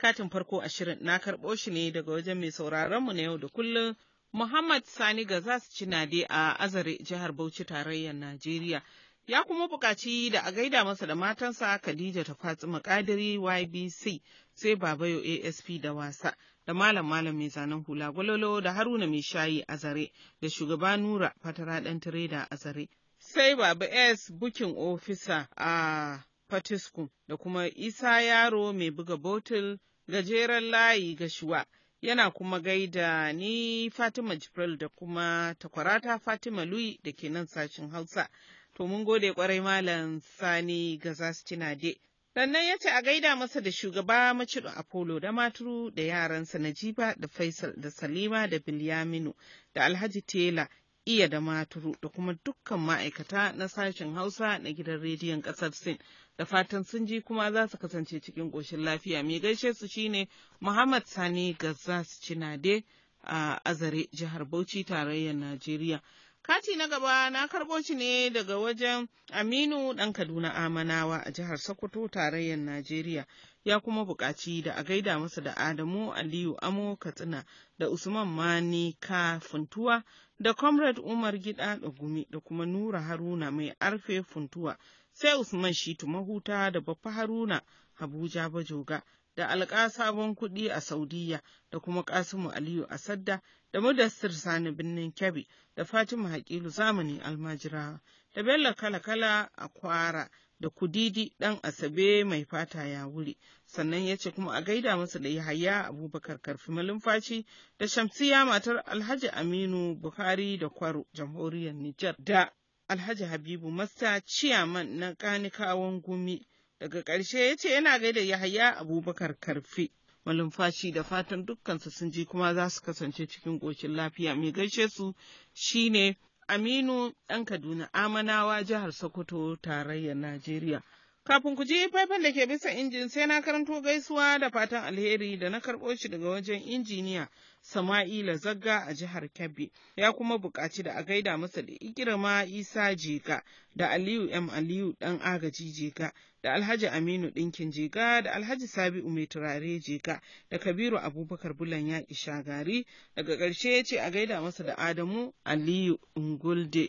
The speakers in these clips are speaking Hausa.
Katin farko ashirin na karɓo shi ne daga wajen mai sauraronmu na yau da kullum Muhammad Sani Ga za su ci nade a Azare jihar Bauchi tarayyar Najeriya. Ya kuma buƙaci da a gaida masa da matansa Khadija ta Fatima Kadiri YBC sai Babayo ASP da wasa da Malam Malam mai zanen hula gwalolo da Haruna mai shayi a zare, da shugaba Nura fatara ɗan tireda zare Sai Babu S bukin ofisa a patiskum da kuma Isa Yaro mai buga botul gajeren layi gashuwa yana kuma gaida ni Fatima Jibril da kuma takwarata Fatima Lui da ke nan sashin Hausa. To mun gode kwarai Malam Sani Gazastina de. Sannan ya ce a gaida masa da shugaba macido Apollo da Maturu da yaransa Najiba da Faisal da Salima da Bilyaminu da Alhaji Tela iya da Maturu da kuma dukkan ma'aikata na sashen Hausa na gidan rediyon ƙasar Sin. da fatan sun ji kuma za su kasance cikin ƙoshin lafiya. Mai gaishe su shine Muhammad Sani Gazzas Cinade a Azare, jihar Bauchi, tarayyar Najeriya. Kati na gaba na karɓo shi ne daga wajen Aminu ɗan Kaduna Amanawa a jihar Sokoto tarayyar Najeriya ya kuma buƙaci da a gaida masa da Adamu Aliyu Amo Katsina da Usman Mani Ka Funtuwa da Comrade Umar Gida da Gumi da kuma Nura Haruna mai arfe Funtuwa sai Usman Shitu Mahuta da Baffa Haruna Abuja Bajoga da alƙa sabon kuɗi a Saudiyya da kuma Kasimu Aliyu a sadda da Mudassir Sani Birnin Kebbi da Fatima Hakilu zamani almajira da Bello Kala-kala a Kwara da Kudidi ɗan Asabe mai fata ya wuri sannan ya ce kuma a gaida musu da Yahaya Abubakar Karfi malumfaci da Shamsiya matar Alhaji Aminu Bukhari da Kwaro jamhuriyar Nijar da Alhaji Habibu Masta Ciyaman na Kanikawan Gumi. Daga ƙarshe ya ce yana gaida Yahaya Abubakar Karfe. Malumfashi da fatan dukkansu sun ji kuma za su kasance cikin ƙoshin lafiya. Mai gaishe su shine Aminu ɗan Kaduna Amanawa jihar Sokoto tarayyar Najeriya. Kafin ku ji faifan da ke bisa injin sai na karanto gaisuwa da fatan alheri da na karɓo shi daga wajen injiniya Sama'ila Zagga a jihar Kebbi ya kuma buƙaci da a gaida masa da Ikirma Isa Jeka da Aliyu M Aliyu ɗan agaji Jeka da Alhaji Aminu Ɗinkin Jega da Alhaji Sabi'u Mai Turare Jega da Kabiru Abubakar Bulan Yaƙi Shagari daga ƙarshe ya ce a gaida masa da Adamu Aliyu ngulde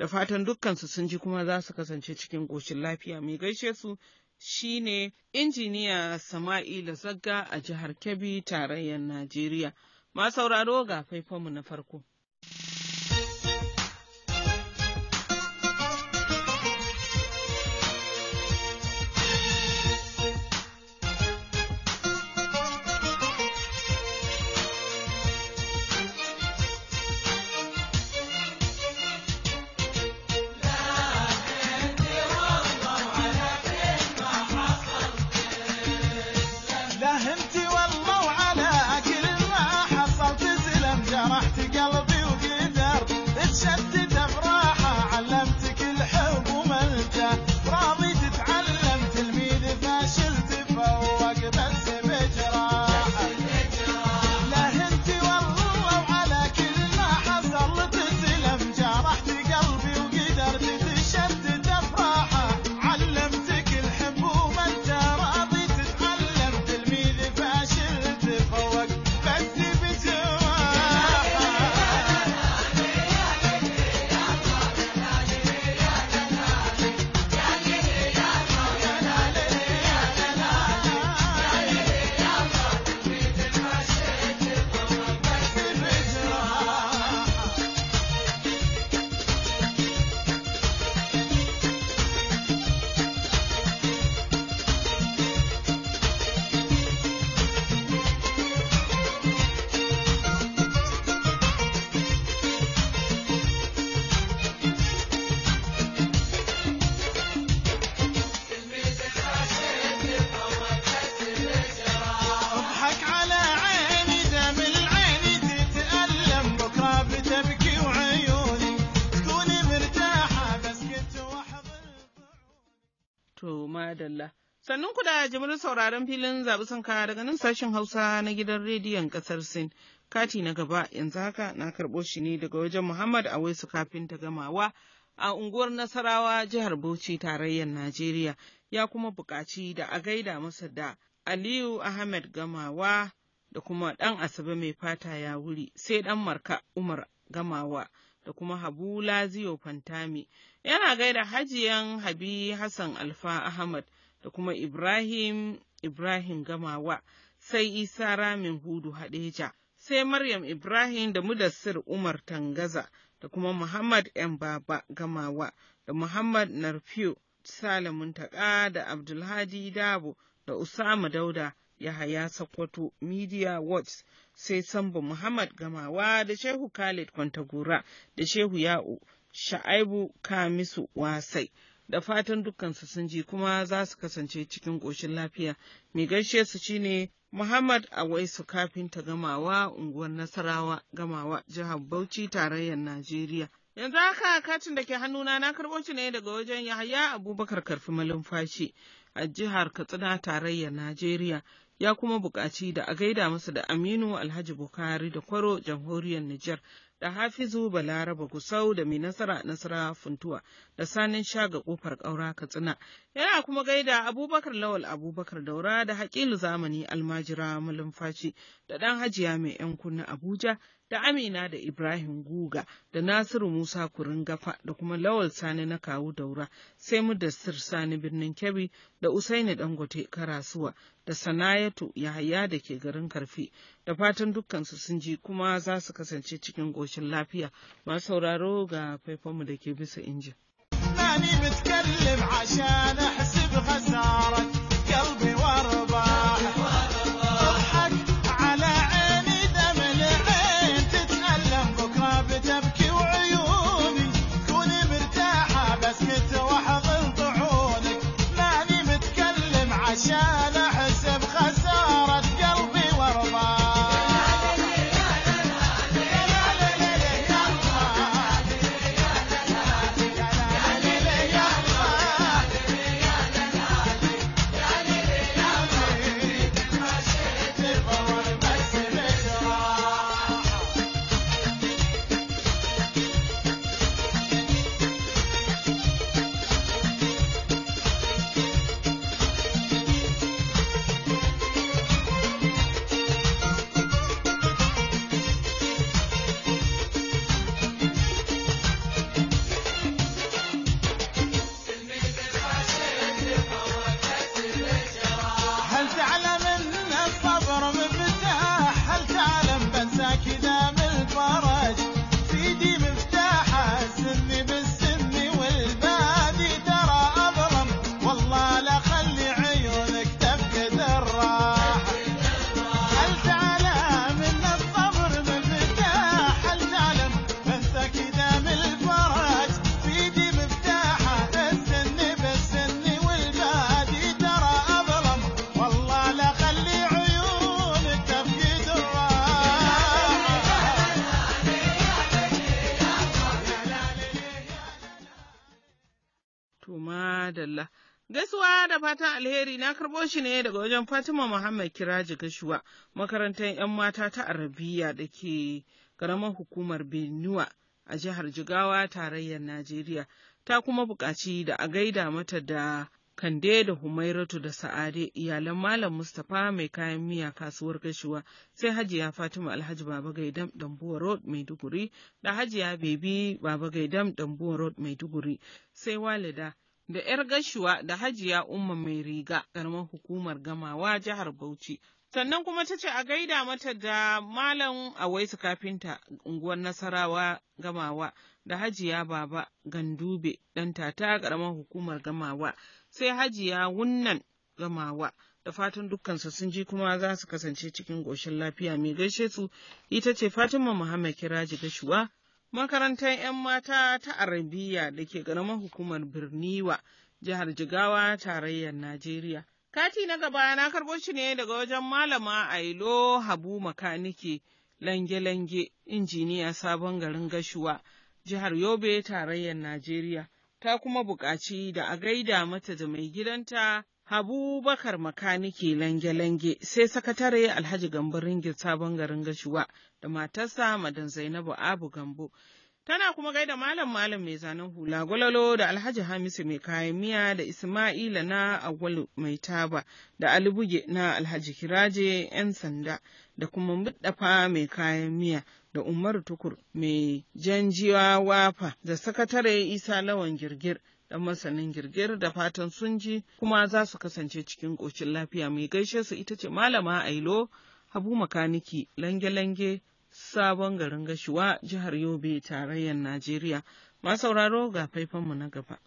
da fatan dukkansu sun ji kuma za su kasance cikin goshin lafiya mai gaishe su shine injiniya Sama'ila Zagga a jihar Kebbi tarayyar Najeriya. Ma sauraro ga faifanmu na farko. madalla. Sannan ku da jimirin sauraron filin zaɓi sanka daga nan sashen Hausa na gidan rediyon ƙasar Sin. Kati na gaba yanzu haka na karɓo shi ne daga wajen Muhammad Awaisu kafin ta gamawa a unguwar Nasarawa jihar Bauchi tarayyar Najeriya ya kuma buƙaci da a gaida masa da Aliyu Ahmed Gamawa da kuma ɗan Asabe mai fata ya wuri sai ɗan Marka Umar Gamawa. da kuma Habu Laziyo Fantami, yana gaida hajiyan Habi Hassan Alfa Ahmad da kuma Ibrahim Ibrahim Gamawa, sai Isa Ramin Hudu Hadeja, sai Maryam Ibrahim da Mudassir Umar Tangaza da kuma Muhammad ‘yan Baba Gamawa da Muhammad Narfiu Salamun Taƙa da Abdulhadi Dabo da Usama Dauda Yahaya Sokoto, Media Watch, sai Sambo Muhammad Gamawa da Shehu Khalid Kwantagora da Shehu Ya'u, Sha'aibu Kamisu Wasai. Da fatan dukkansu sun ji kuma za su kasance cikin ƙoshin lafiya. Mai gaishe su shine Muhammad Awaisu kafinta gamawa unguwar Nasarawa gamawa jihar Bauchi tarayyar Najeriya. Yanzu haka katin da ke hannuna na karɓo shi ne daga wajen Yahaya Abubakar Karfi Malumfashi a jihar Katsina tarayyar Najeriya ya kuma buƙaci da a gaida masa da Aminu Alhaji Bukari da Kwaro jamhuriyar Nijar da Hafizu Balaraba Gusau da mai nasara nasara funtuwa da sanin shaga ƙofar ƙaura Katsina. Yana kuma gaida Abubakar Lawal Abubakar Daura da Hakilu Zamani Almajira malumfaci da ɗan Hajiya mai 'yan kunna Abuja da Amina da Ibrahim Guga da Nasiru Musa Kuringafa da kuma Lawal Sani na Kawu Daura sai mu Mudassir Sani Birnin Kebbi da Usaini Dangote Karasuwa da Sanayatu Yahaya da ke garin Karfi da fatan dukkansu sun ji kuma za su kasance cikin goshin lafiya masu sauraro ga faifanmu da ke bisa injin. da fatan alheri na karɓo shi ne daga wajen Fatima Muhammad Kiraji Gashuwa, makarantar 'yan mata ta Arabiya da ke ƙaramar hukumar Benuwa a jihar Jigawa tarayyar Najeriya. Ta kuma buƙaci da a gaida mata da Kande da Humairatu da Sa'ade iyalan Malam Mustapha mai kayan miya kasuwar gashuwa sai Hajiya Fatima Alhaji Baba Gaidam Dambuwa Road Maiduguri da Hajiya Bebi Baba Gaidam Dambuwa Road Maiduguri sai Walida da 'yar gashuwa da hajiya umma mai riga karamar hukumar gamawa jihar Bauchi. Sannan kuma ta ce a gaida mata da Malam Awaisu kafinta unguwar Nasarawa gamawa da hajiya baba gandube ɗan tata karamar hukumar gamawa sai hajiya wunnan gamawa. da fatan dukkansu sun ji kuma za su kasance cikin goshin lafiya mai gaishe su ita ce Fatima Muhammad Kiraji Gashuwa makarantar 'yan mata ta Arabiya da ke ƙaramar hukumar Birniwa, jihar Jigawa, tarayyar Najeriya. Kati na gaba na karɓo shi ne daga wajen Malama Ailo Habu Makanike, lange-lange, injiniya sabon garin Gashuwa, jihar Yobe, tarayyar Najeriya. Ta kuma buƙaci da a gaida mata da mai gidanta Habu Bakar makaniki lange-lange sai sakatare Alhaji Gambo Ringil sabon garin gashuwa da matarsa Madan Zainabu Abu Gambo. Tana kuma gaida malam malam mai zanen hula gwalolo da Alhaji Hamisu mai kayan miya da Ismaila na Agwalu mai taba da Alibuge na Alhaji Kiraje 'yan sanda da kuma muddafa mai kayan miya da Umaru Tukur mai janjiwa wafa da sakatare Isa Lawan Girgir da masanin girgir da fatan sun ji kuma za su kasance cikin ƙoshin lafiya mai gaishe su ita ce Malama Ailo Habu Makaniki lange-lange sabon garin gashiwa, jihar Yobe tarayyar Najeriya. Masauraro ga faifanmu na gaba.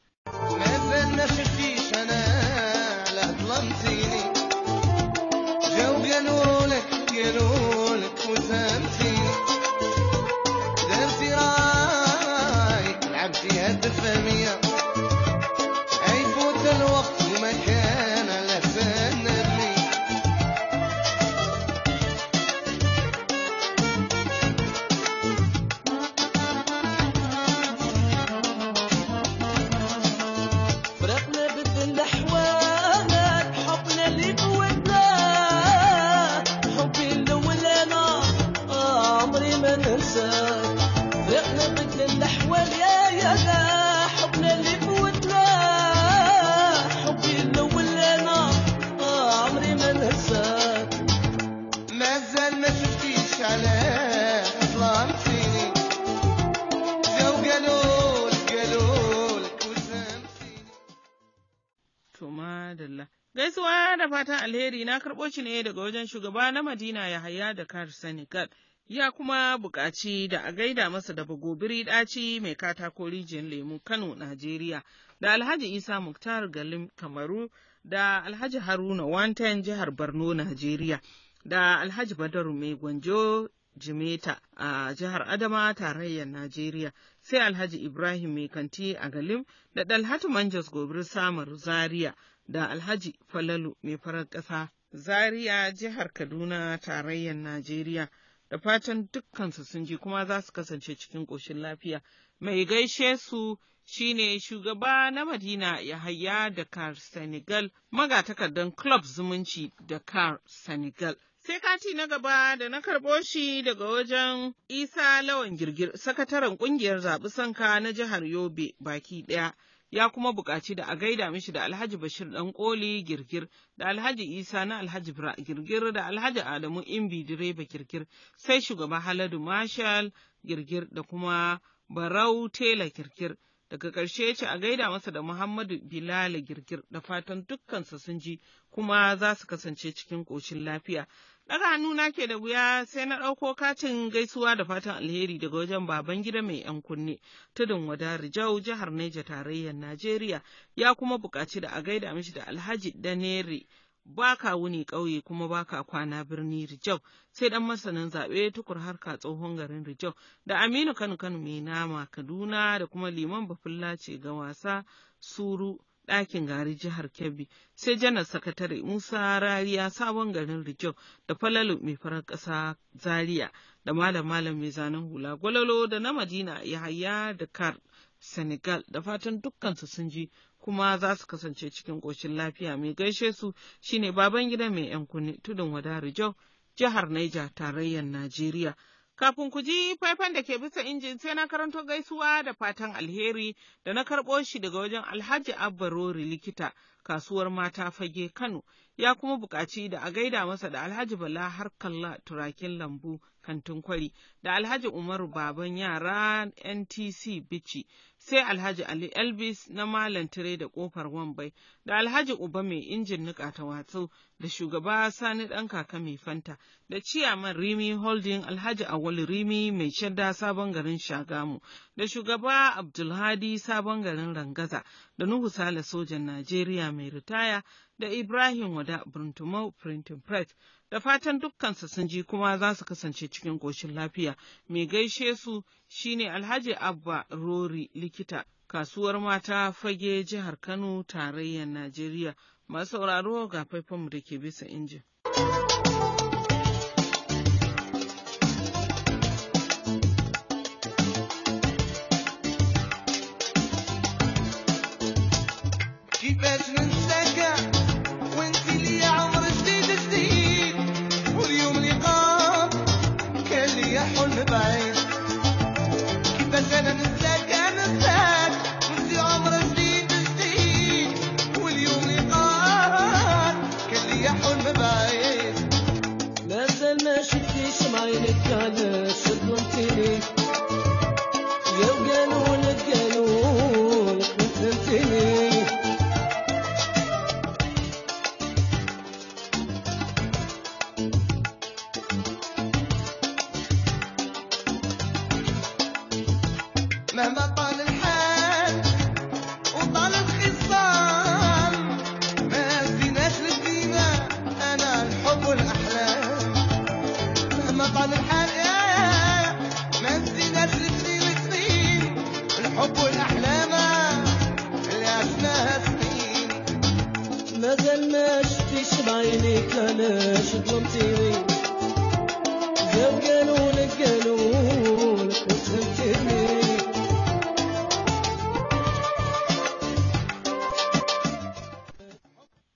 alheri na karɓo shi ne daga wajen shugaba na Madina haya da kar Senegal. Ya kuma buƙaci da a gaida masa da bagobiri ɗaci mai katako rijiyar lemu Kano, Najeriya, da Alhaji Isa Muktar Galim Kamaru, da Alhaji Haruna Wantan jihar Borno, Najeriya, da Alhaji Badaru Mai Gwanjo Jimeta a jihar Adama tarayyar Najeriya, sai Alhaji Ibrahim Mai Kanti a Galim da Dalhatu Manjas Gobir Samar Zaria. da Alhaji Falalu mai farar ƙasa Zaria jihar Kaduna tarayyar Najeriya da fatan dukkansu sun ji kuma za su kasance cikin ƙoshin lafiya. Mai gaishe su shine shugaba na Madina Yahaya Dakar Senegal magatakardan Club Zumunci Dakar Senegal. Sai kati na gaba da na karɓo shi daga wajen Isa Lawan Girgir, sakataren ƙungiyar zaɓi sanka na jihar Yobe baki ɗaya. ya kuma buƙaci da a gaida mishi da Alhaji Bashir ɗan ƙoli girgir, da Alhaji Isa na Alhaji Bra girgir, da Alhaji Adamu Imbi direba girgir, sai shugaba Haladu Marshal girgir da kuma Barau Tela girgir. Daga ƙarshe yace ce a gaida masa da Muhammadu Bilal girgir da fatan dukkansa sun ji kuma za su kasance cikin ƙoshin lafiya. hannu na ke da wuya sai na ɗauko katin gaisuwa da fatan alheri daga wajen baban gida mai ‘yan kunne tudun wadari jau jihar Neja tarayyar Najeriya ya kuma buƙaci da a gaida mishi da Alhaji Danere ba wuni ƙauye kuma baka kwana birni Rijau sai ɗan masanin zaɓe tukur harka tsohon garin Rijau da Aminu Kano Kano mai nama Kaduna da kuma liman bafulla ce ga wasa Suru. ɗakin gari jihar Kebbi, sai janar sakatare Musa Rariya sabon garin Rijau da falalu mai farar ƙasa Zaria da malam malam mai zanen hula gwalolo da na Madina Yahaya da Kar Senegal da fatan dukkansu sun ji kuma za su kasance cikin ƙoshin lafiya mai gaishe su shine baban gida mai 'yan kunne tudun wada Rijau jihar Niger tarayyar Najeriya. Kafin ku ji faifan da ke bisa injin sai na karanto gaisuwa da fatan alheri da na karɓo shi daga wajen Alhaji Abbarori likita kasuwar mata fage Kano ya kuma buƙaci da a gaida masa da Alhaji Bala Harkalla turakin lambu kantin kwari da Alhaji Umaru Baban Yara NTC Bichi sai Alhaji Ali Elvis na Malam Tire da Kofar Wambai da Alhaji Uba mai injin nika ta watsu da shugaba Sani ɗan kaka mai fanta da ciyaman Rimi Holding Alhaji awal Rimi mai shadda sabon garin Shagamu da shugaba Abdulhadi sabon garin Rangaza da Nuhu Sale sojan Najeriya mai ritaya da Ibrahim Wada Bruntumau Printing Press da fatan dukkansu sun ji kuma za su kasance cikin ƙoshin lafiya. Mai gaishe su shine Alhaji Abba Rori likita kasuwar mata fage jihar Kano tarayyar Najeriya. Masu sauraro ga faifanmu da ke bisa injin.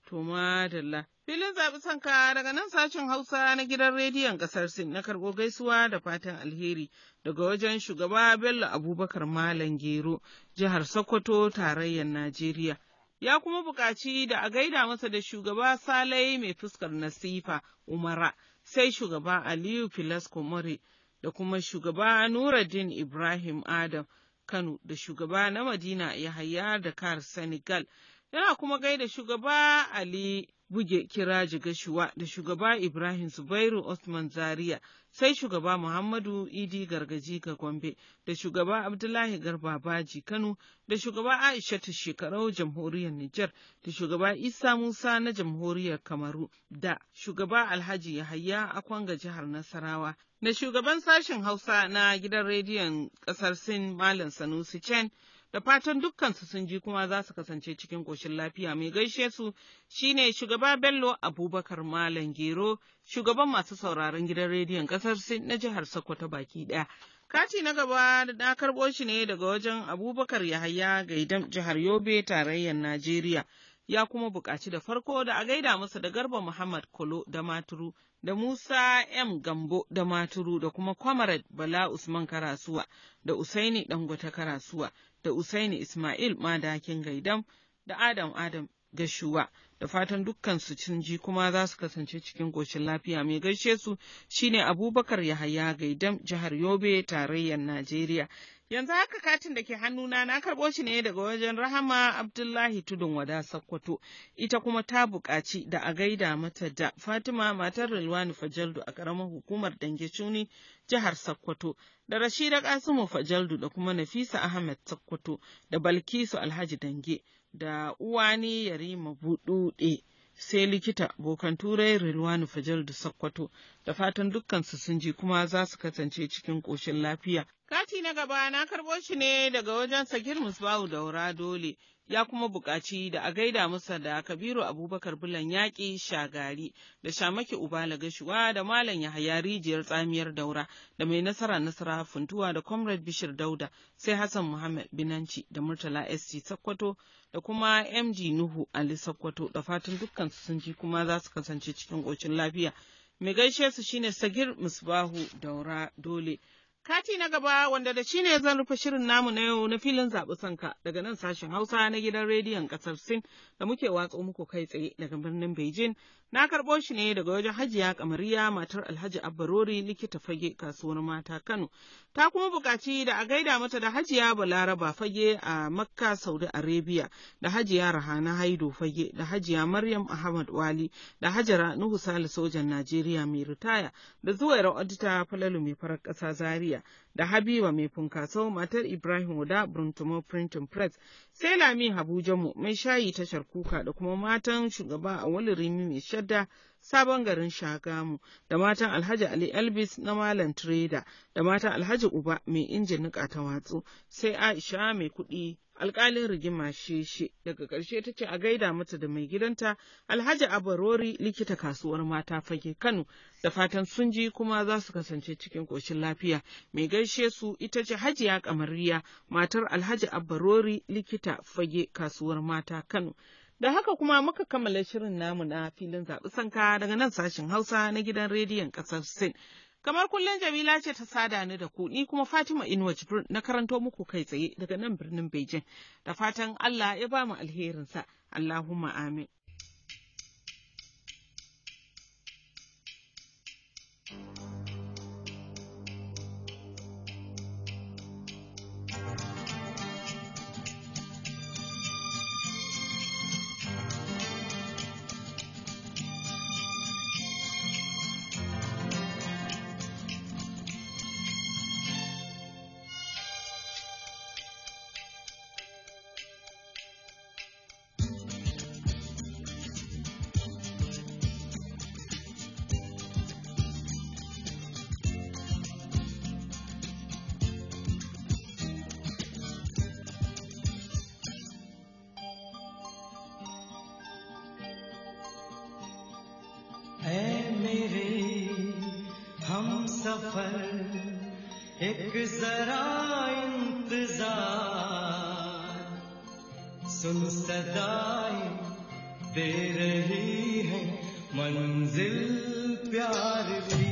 To madalla. Filin zaɓi sanka daga nan sashen Hausa na gidan rediyon ƙasar Sin na karɓo gaisuwa da fatan alheri daga wajen shugaba Bello Abubakar Malam Gero, jihar Sokoto, tarayyar Najeriya. Ya kuma buƙaci da a gaida masa da shugaba Salai mai fuskar nasifa Umara, sai shugaba Aliyu Filasko More da kuma shugaba Nuruddin Ibrahim Adam Kano da shugaba na Madina Yahaya kar Senegal. yana kuma gaida shugaba Ali Buge Kiraji jigashuwa da shugaba Ibrahim Zubairu Osman Zaria sai shugaba Muhammadu Idi Gargaji ga Gombe da shugaba Abdullahi Garba Baji Kano da shugaba Aisha ta shekarau jamhuriyar Nijar da shugaba Isa Musa na jamhuriyar Kamaru da shugaba Alhaji Yahaya kwanga jihar Nasarawa da shugaban sashen Hausa na gidan rediyon ƙasar Sin Malam Sanusi Chen da fatan dukkansu sun ji kuma za su kasance cikin ƙoshin lafiya mai gaishe su shine shugaba Bello Abubakar Malam Gero, shugaban masu sauraron gidan rediyon ƙasar Sin na jihar Sokoto baki ɗaya. Kati na gaba na karɓo shi ne daga wajen Abubakar Yahaya gaidan jihar Yobe tarayyar Najeriya. Ya kuma buƙaci da farko da a gaida masa da Garba Muhammad Kolo da Maturu da Musa M. Gambo da Maturu da kuma Kwamarad Bala Usman Karasuwa da Usaini Dangote Karasuwa da Usaini Ismail Madakin Gaidam da Adam Adam Gashuwa. da fatan dukkan su cin ji kuma za su kasance cikin ƙoshin lafiya mai gaishe su shine abubakar yahaya gaidam jihar yobe tarayyar najeriya yanzu haka katin da ke hannuna na karɓo shi ne daga wajen rahama abdullahi tudun wada sakkwato ita kuma ta buƙaci da a gaida mata da fatima matar rilwani fajaldu a ƙaramar hukumar dange cuni jihar sakkwato da rashida kasimu fajaldu da kuma nafisa ahmed sakkwato da balkisu alhaji dange da uwani Yarima Buɗuɗe sai likita bokan turai Rilwanu Fajar da Sakkwato da fatan dukkansu sun ji kuma za su kasance cikin ƙoshin lafiya. Kati na gaba na karɓo shi ne daga wajen Sagir Musbahu Daura Dole, ya kuma buƙaci da a gaida masa da Kabiru Abubakar Bulan Yaƙi Shagari da Shamaki Ubala Gashuwa da Malam Yahaya Rijiyar Tsamiyar Daura da mai nasara nasara funtuwa da Comrade Bishir Dauda sai Hassan Muhammad Binanci da Murtala SC Sakkwato da kuma MG Nuhu Ali Sakkwato da fatan dukkan su sun ji kuma za su kasance cikin ƙoshin lafiya. Mai gaishe su shine Sagir Musbahu Daura Dole. Kati na gaba wanda da shi ne zan rufe shirin namu na yau na filin zaɓi sanka daga nan sashen Hausa na gidan rediyon ƙasar Sin da muke watsa muku kai tsaye daga birnin Beijing. Na karɓo shi ne daga wajen Hajiya Kamariya matar Alhaji Abbarori likita fage kasuwar mata Kano. Ta kuma buƙaci da a gaida mata da Hajiya Balaraba fage a Makka Saudi Arabia da Hajiya Rahana Haido fage da Hajiya Maryam Ahmad Wali da Hajara Nuhu Sale sojan Najeriya mai ritaya da Zuwaira Odita Falalu mai farar ƙasa Zaria. da Habiba mai funkaso matar Ibrahim da Bruntumo Printing Press sai Lami Habuja mu mai shayi tashar kuka da kuma matan shugaba a wani rimi mai shadda sabon garin Shagamu da matan Alhaji Ali Elvis na Malam Trader da matan Alhaji Uba mai injin niƙa ta watsu sai Aisha mai kuɗi alƙalin rigima shi daga ƙarshe ta ce a gaida mata da mai gidanta alhaji abarori likita kasuwar mata fage kano da fatan sun ji kuma za su kasance cikin ƙoshin lafiya mai gaishe su ita ce hajiya kamariya matar alhaji abarori likita fage kasuwar mata kano Da haka kuma muka kammala shirin namu na filin zaɓi sanka daga nan sashen Hausa na gidan rediyon ƙasar Sin. Kamar kullum Jamila ce ta sada ni da ku, ni kuma Fatima Inuwa Jibrin na karanto muku kai tsaye daga nan birnin Bejin, da fatan Allah ya ba mu alherinsa, Allahumma amin. سفر ایک ذرا انتظار سن سدائیں دے رہی ہے منزل پیار بھی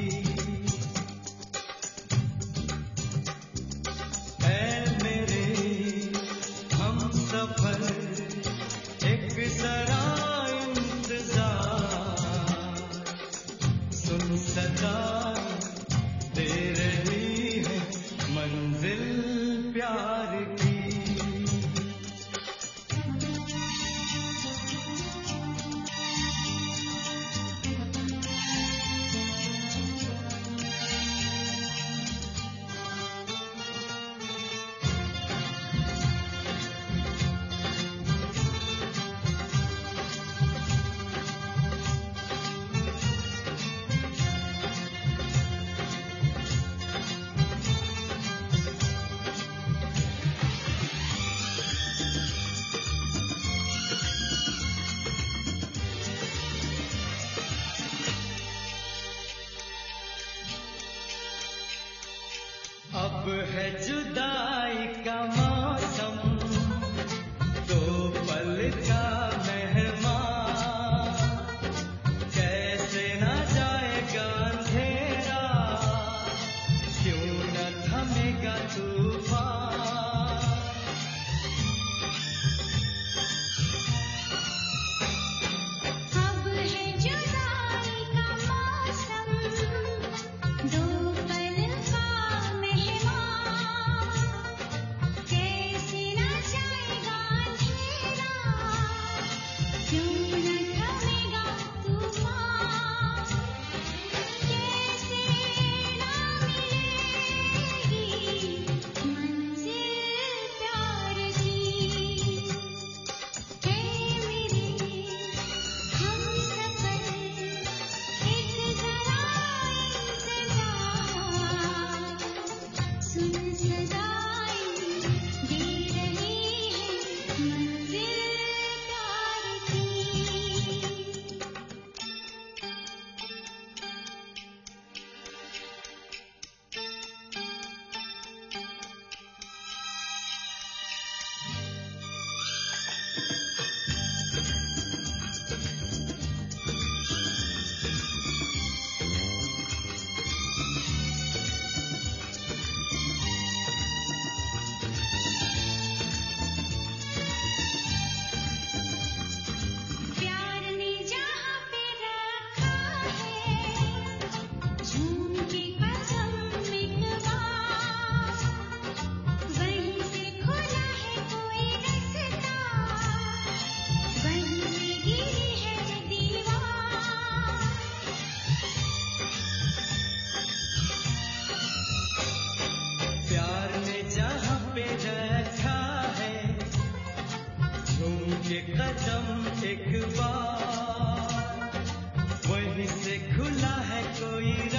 कदम एक बार वहीं से खुला है कोई